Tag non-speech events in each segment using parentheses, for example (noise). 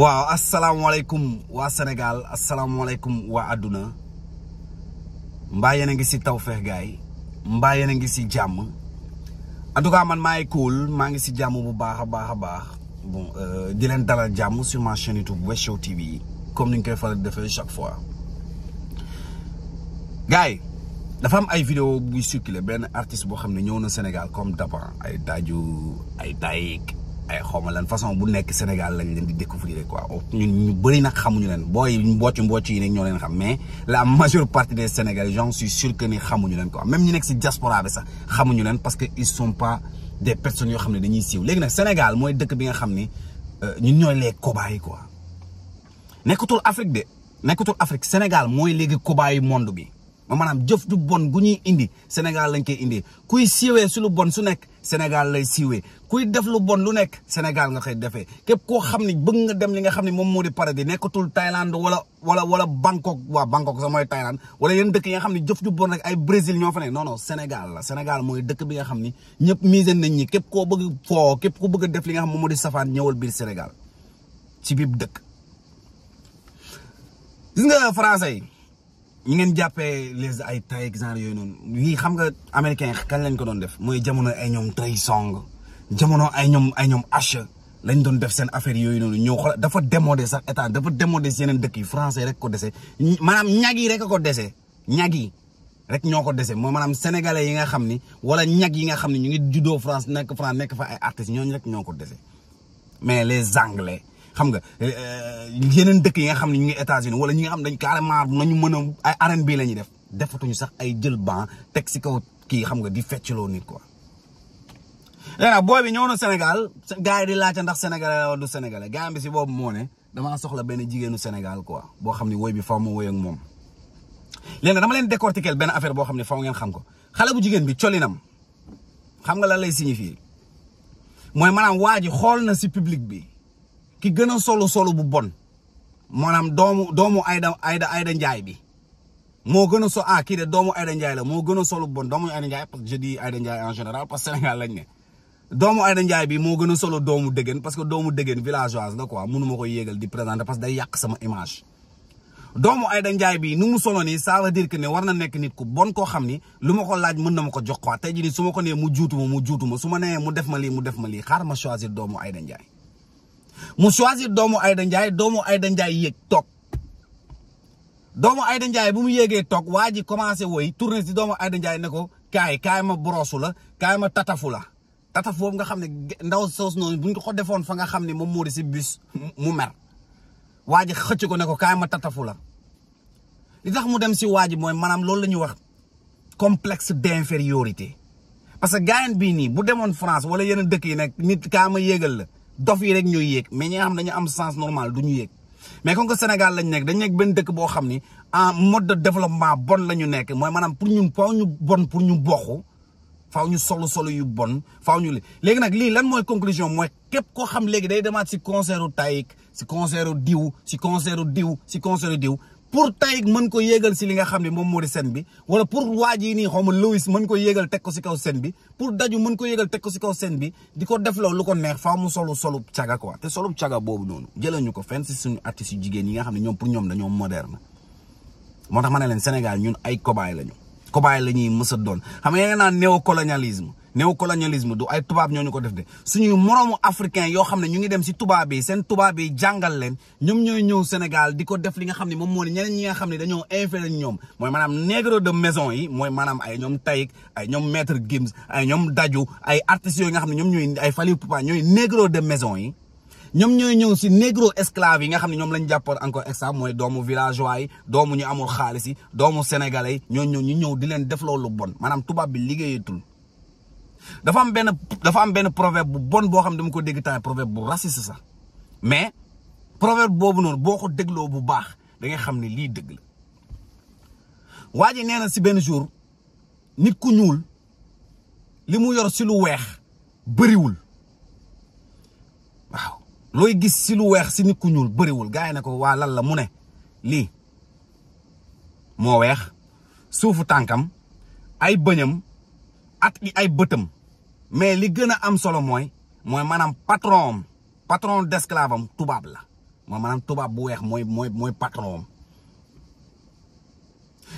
waaw asalaamaaleykum waa Sénégal asalaamaaleykum waa àdduna mbaa yéen ngi si tawfeex gaay mbaa yéen a ngi si jàmm en tout cas man maa ngi cool maa ngi si jàmm bu baax a baax a baax bon euh, di leen dalal jàmm sur ma chaîne YouTube Wes Show TV comme ni ñu koy faral defee chaque fois gars yi dafa am ay vidéo buy circulé benn artiste boo xam ne ñëw na Sénégal comme d'avant ay daaju ay dayik ay xaw ma lan façon bu nekk Sénégal lañ leen di découvrir quoi oh, ñun ñu bëri na xamuñu leen booy mbocc mbocc yi nag ñoo leen xam mais la (laughs) majeure partie des Sénégalais j'en suis sûr que ni xamuñu leen quoi même ñu nekk si diaspora bi sax xamuñu leen parce que ils sont pas des personne yoo xam ne dañuy siiw léegi na Sénégal mooy dëkk bi nga xam ni euh, ñun ñooy les cobayes quoi nekkatul Afrique de nekkatul Afrique Sénégal mooy léegi cobaye monde bi. maanaam jëf ju bon bu ñuy indi Sénégal lañ koy indi kuy siiwee su lu bon su nekk Sénégal lay siiwee kuy def lu bon lu nekk senegal nga koy defee képp koo xam ni bëgg nga dem li nga xam ni moom moo di paradis nekkatul Thaïlande wala wala wala Bangkok waa Bangkok sax mooy Thaïlande wala yenn dëkk yi nga xam ni jëf ju bon rek ay Brésil ñoo fa ne non non la Sénégal mooy dëkk bi nga xam ni ñëpp mise nañ ñi képp koo bëgg foo képp ko bëgg def li nga xam moom moo di safaan ñëwal biir Sénégal ci biir dëkk ñi ngeen jàppee les ay taeg genre yooyu noonu yii xam nga américain kañ lañ ko doon def mooy jamono ay ñoom Trey Songz jamono ay ñoom ay ñoom Usher lañ doon def seen affaire yooyu noonu ñëw xool dafa démodé sax état dafa démodé si yeneen dëkk yi français rek ko dese maanaam ñag yi rek ko dese ñag yi rek ñoo ko dese mooy maanaam sénégalais yi nga xam ni wala ñag yi nga xam ne ñu ngi juddoo France nekk France nekk fa ay artistes ñooñu rek ñoo ko dese mais les anglais xam nga eh, eh, yeneen dëkk yi nga xam ne ñu ngi États-Unis wala ñi nga xam ne dañ carrément nañu mën a ay arène bii la ñuy def defatuñu sax ay jël ban teg si kaw kii xam nga di feccloo nit ko léegi eh, nag booy bi ñëw na Sénégal yi di laajte ndax sénégalais la wala du sénégalais gars bi si boobu moo ne damaa soxla benn jigéenu Sénégal quoi boo xam ne woy bi faw ma woy ak moom. léegi dama leen décortiquer benn affaire boo xam ne faw ngeen xam ko xale bu jigéen bi colinam xam nga lan lay signifier mooy maanaam waa ji xool na si public bi ki gën a solo solo bu bon maanaam doomu doomu Ayda Ayda Ayda Njaay bi moo gën a so ah kii de doomu Ayda moo gën a solo bu bon doomu Ayda Njaay parce que je dis bi moo gën a solo doomu dëggeen parce que doomu dëggeen villageoise la quoi mënu ma ko yéegal di présenter parce que day yàq sama image. doomu Ayda Njaay bi nu mu solo nii ça veut dire que ne war na nekk nit ku bon ko xam ni lu ma ko laaj mën na ma ko jox quoi te jii nii su ma ko nee mu juutu ma mu juutu ma su ma nee mu def ma lii mu def ma lii xaar ma choisir doomu Ayda Njaay mu choisir doomu Aïda Ndiaye doomu Aïda Ndiaye yéeg toog doomu Aïda Ndiaye bu mu yégee toog waa ji commencé woy tourné si doomu Aïda Ndiaye ne ko kaay kaay ma brosu la kaay ma tatafu la tataf boobu nga xam ne ndaw soos noonu ko defoon fa nga xam ne moom moo di si bus mu mer waa ji ko ne ko kaay la li tax mu dem si waa ji mooy maanaam loolu la ñuy wax complexe d'infériorité parce que gaayen bii nii bu demoon France wala yeneen dëkk yi nag nit kaa ma yéegal la dof yi rek ñooy yéeg mais ñi am xam dañu am sens normal du ñu yéeg mais comme que Sénégal lañ nekk dañ nekk ben dëkk boo xam ni en mode de développement bon la ñu nekk mooy maanaam pour ñun faaw ñu bon pour ñu bokk faw ñu solo solo yu bon faaw ñu li léegi nag lii lan mooy conclusion mooy képp koo xam léegi day demaat si concert u Taïk si concert u diw si concert u diw si concert u diw pour tey mën ko yéegal si li nga xam ne moom moo di scène bi wala pour waa ji nii xaw ma Lewis mën ko yégal teg ko si kaw scène bi pour daju mën ko yéegal teg ko si kaw scène bi di ko def loolu lu ko neex faaw mu solu solub caga quoi te solub caga boobu noonu jëlee ñu ko fenn si suñu artistes si jigéen ñi nga xam ne ñoom pour ñoom dañoo moderne moo tax ma ne leen Sénégal ñun ay cobaye lañu cobaye la ñuy mës a doon xam nga naa neo naan néocolonialisme néocolonialisme du ay tubaab ñoo ñu ko def de suñuy moroomu africain yoo xam ne ñu ngi dem si tubaab yi seen tubaab yi jàngal leen ñoom ñooy ñëw Sénégal di ko def li nga xam ne moom moo ñeneen ñi nga xam ne dañoo inférieur ñoom mooy maanaam négro de maison yi mooy maanaam ay ñoom Taïk ñoom maître Gims ñoom Daju ay artistes yooyu nga xam ne ñoom ñooy ay Fally Ipupa ñooy négro de maison yi ñoom ñooy ñëw si négro esclave yi nga xam ne ñoom lañ jàppoon encore exemple mooy doomu villageois yi doomu ñu amul xaalis yi doomu sénégalais ñoo ñëw ñu ñëw di leen def lu bon maanaam tubaab bi liggéeyatul dafa am benn dafa am benn proverbe bu bon boo xam dama ko dégg temps proverbe bu raciste sax mais proverbe boobu noonu boo ko dégloo bu baax da ngay xam ni lii dëgg la waa ji nee na si benn jour nit ku ñuul li mu yor si lu weex bëriwul waaw looy gis si lu weex si nit ku ñuul bëriwul gars ne ko waa lan la mu ne lii moo weex suufu tànkam ay bëñam at ay bëtam mais li gën a am solo mooy mooy maanaam patron am patron d'esclave tubaab la mooy maanaam tubaab bu weex mooy mooy mooy patron am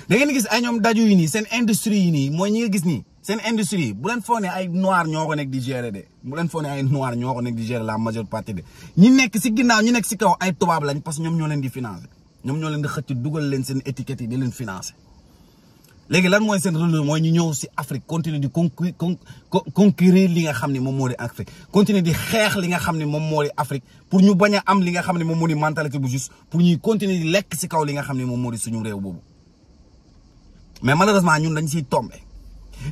da ngeen gis ay ñoom daju yi nii seen industrie yi nii mooy ñi nga gis nii seen industrie bu leen foog ay noir ñoo ko nekk di gérer de bu leen foog ne ay noir ñoo ko di gérer la majeure partie de ñi nekk si ginnaaw ñi nekk si kaw ay tubaab lañ parce que ñoom ñoo leen di financer ñoom ñoo leen di xëcc dugal leen seen étiquette yi di léegi lan mooy seen rôle mooy ñu ñëw si Afrique continuer di conqui conquérir li nga xam ne moom moo di Afrique continuer di xeex li nga xam ne moo di Afrique pour ñu bañ am li nga xam ne moom moo di mentalité bu juste pour ñuy continuer di lekk si kaw li nga xam ne moom moo di suñu réew boobu mais malheureusement ñun dañ siy tombé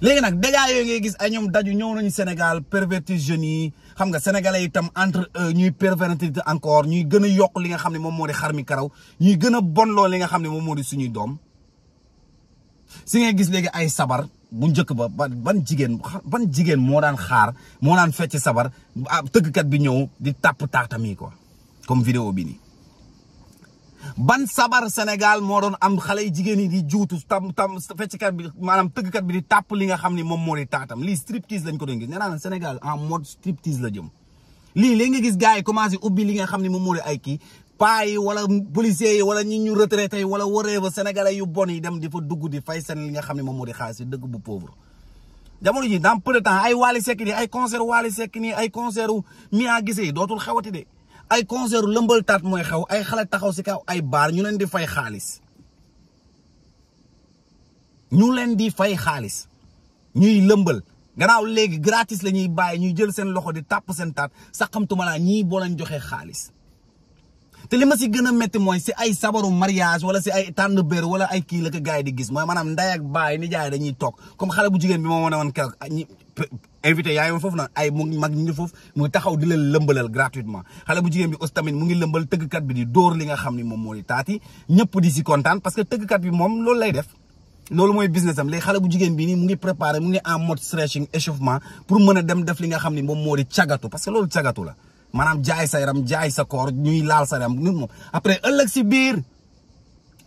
léegi nag dégâts yooyu ngay gis ay ñoom daju ñëw nañu Sénégal pervertir jeunes yi xam nga sénégalais itam entre ñuy pervertir encore ñuy gën a yokk li nga xam ne moom moo di xar mi karaw ñuy gën a bonloo li nga xam ne moom moo di suñuy doom si nga gis léegi ay sabar bu njëkk ba ban jigéen ban jigéen moo daan xaar moo daan fecc sabar ah, tëggkat bi ñëw di tàpp taatamii quoi comme vidéo bi nii ban sabar Sénégal moo doon am xale yu jigéen yi di juutu tam tam fecckat bi maanaam tëggkat bi di tàpp li nga xam ni moom moo di taatam lii striptease lañ ko doon gis nee naa la Sénégal en la jëm. lii léegi nga gis gars yi commencé ubbi li nga xam ne moom moo di ay kii paa yi wala policiers wala ñi ñu retraités yi wala waree ba sénégalais yu bon yi dem di fa dugg di fay seen li nga xam ne moom moo di xaalis yi dëgg bu pauvre. jamono ji dans peu de temps ay Wally Seck nii ay concert Wally Seck nii ay concert Mia Guissé dootul xewati de ay concert lëmbal taat mooy xew ay xale taxaw si kaw ay baal ñu leen di fay xaalis. ñu leen di fay xaalis ñuy lëmbal gannaaw léegi gratis la ñuy bàyyi ñuy jël seen loxo di tàpp seen taat sax xamtuma laa ñii boo leen joxee xaalis. te li ma si gën a métti mooy si ay sabaru mariage wala si ay tànn béer wala ay kii la ko gars di gis ma maanaam nday ak baay ni jaay dañuy xale bu jigéen bi moo wane ah, ñi invité yaa ngi woon foofu ay mu mag ñi taxaw di leen lëmbalal gratuitement xale bu jigéen bi tamit mu ngi lëmbal tëggkat bi di dóor li nga ni moom moo di taati ñëpp di si kontaan parce que tëggkat bi moom loolu lay def. loolu mooy business am léegi xale bu jigéen bi nii mu ngi préparé mu ngi en mode stretching échauffement pour mën a dem def li nga xam ni moom moo di cagatu parce que loolu cagatu la. maanaam jaay sa yaram jaay sa koor ñuy laal sa yaram moom après ëllëg si biir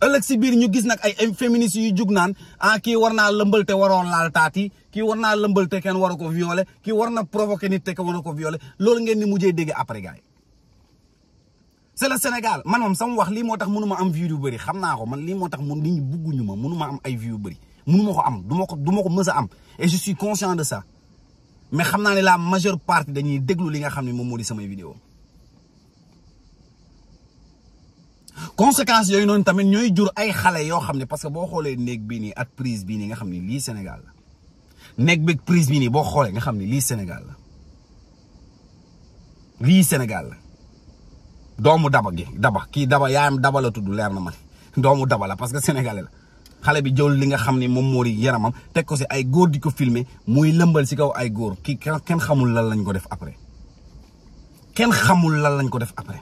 ëllëg si biir ñu gis nag ay féministes yu jug naan ah kii war naa lëmbal te waroon laal taati yi kii war naa lëmbal te kenn waru ko violer kii war na provoquer nit te kenn waru ko violer loolu ngeen ni mujjee dégg après gars yi c'est Sénégal man moom sama wax lii moo tax mënuma am view yu bëri xam naa ko man lii moo tax mun nit bugguñu ma mënuma am ay view yu bëri mënuma ko am du ma ko du ma ko mës a am et je suis conscient de sa mais xam naa ne la majeure partie dañuy déglu li nga xam ne moom moo di samay vidéo conséquences yooyu noonu tamit ñooy jur ay xale yoo xam ne parce que boo xoolee néeg bi nii ak prise bii nii nga xam ne lii Sénégal néeg beeg prise bii nii boo xoolee nga xam ne lii senegal la lii Sénégal la doomu daba gi daba kii daba yaayam daba la tudd leer na ma (laughs) doomu daba la parce que sénégalais la xale bi jël li nga xam ne moom moo di yaramam te ko si ay góor di ko filmer muy lëmbal si kaw ay góor kii kenn xamul lan lañ ko def après kenn xamul lan lañ ko def après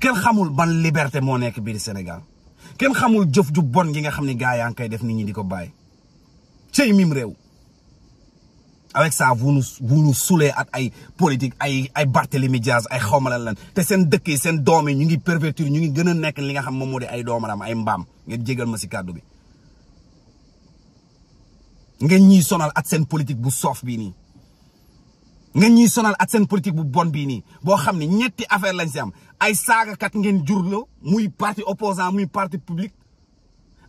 kenn xamul ban liberté moo nekk biir Sénégal kenn xamul jëf ju bon gi nga xam ne gaa yaa ngi koy def ni ñi di ko bàyyi cëy mim réew avec ça vous nous vous nous saoulez ak ay politique ay ay Barthélémy Dias ay xawma lan lan te seen dëkk yi seen doom ñu ngi pervertir ñu ngi gën a nekk li nga xam moom moo di ay doomaram ay mbaam ngeen jégal ma si kàddu bi ngeen ñuy sonal ak seen politique bu soof bii nii ngeen ñuy sonal ak seen politique bu bon bii nii boo xam ne ñetti affaire lañ si am ay saagakat ngeen jur la muy parti opposant muy parti public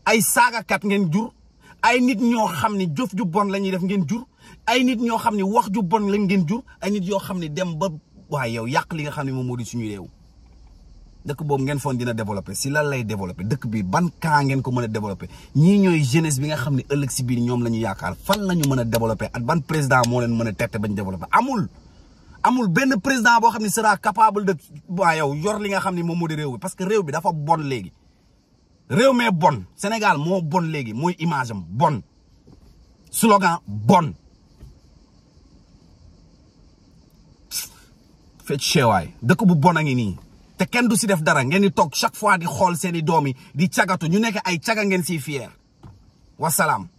ay saagakat ngeen jur ay nit ñoo xam ne jëf ju bon la ñuy def ngeen jur ay nit ñoo xam ne wax ju bon lañ ngeen jur ay nit yoo xam ne dem ba waaye yow yàq li nga xam ne moom moo di suñu réew dëkk boobu ngeen foon dina développé si lan lay développé dëkk bi ban kaa ngeen ko mën a développé ñii ñooy jeunesse bi nga xam ne ëllëg si biir ñoom la ñu yaakaar fan la mën a développé ak ban président moo leen mën a tette bañ développé amul. amul benn président boo xam ne sera capable de waa yow yor li nga xam ni moom moo di réew bi parce que réew bi dafa bon léegi réew mee bon Sénégal moo bon léegi mooy image bon slogan bon. fekk ceewaay dëkk bu bon a ngi nii. te kenn du si def dara ngeen di toog chaque fois di xool seen i doom di cagatu ñu nekk ay caga ngeen si fier wasalaam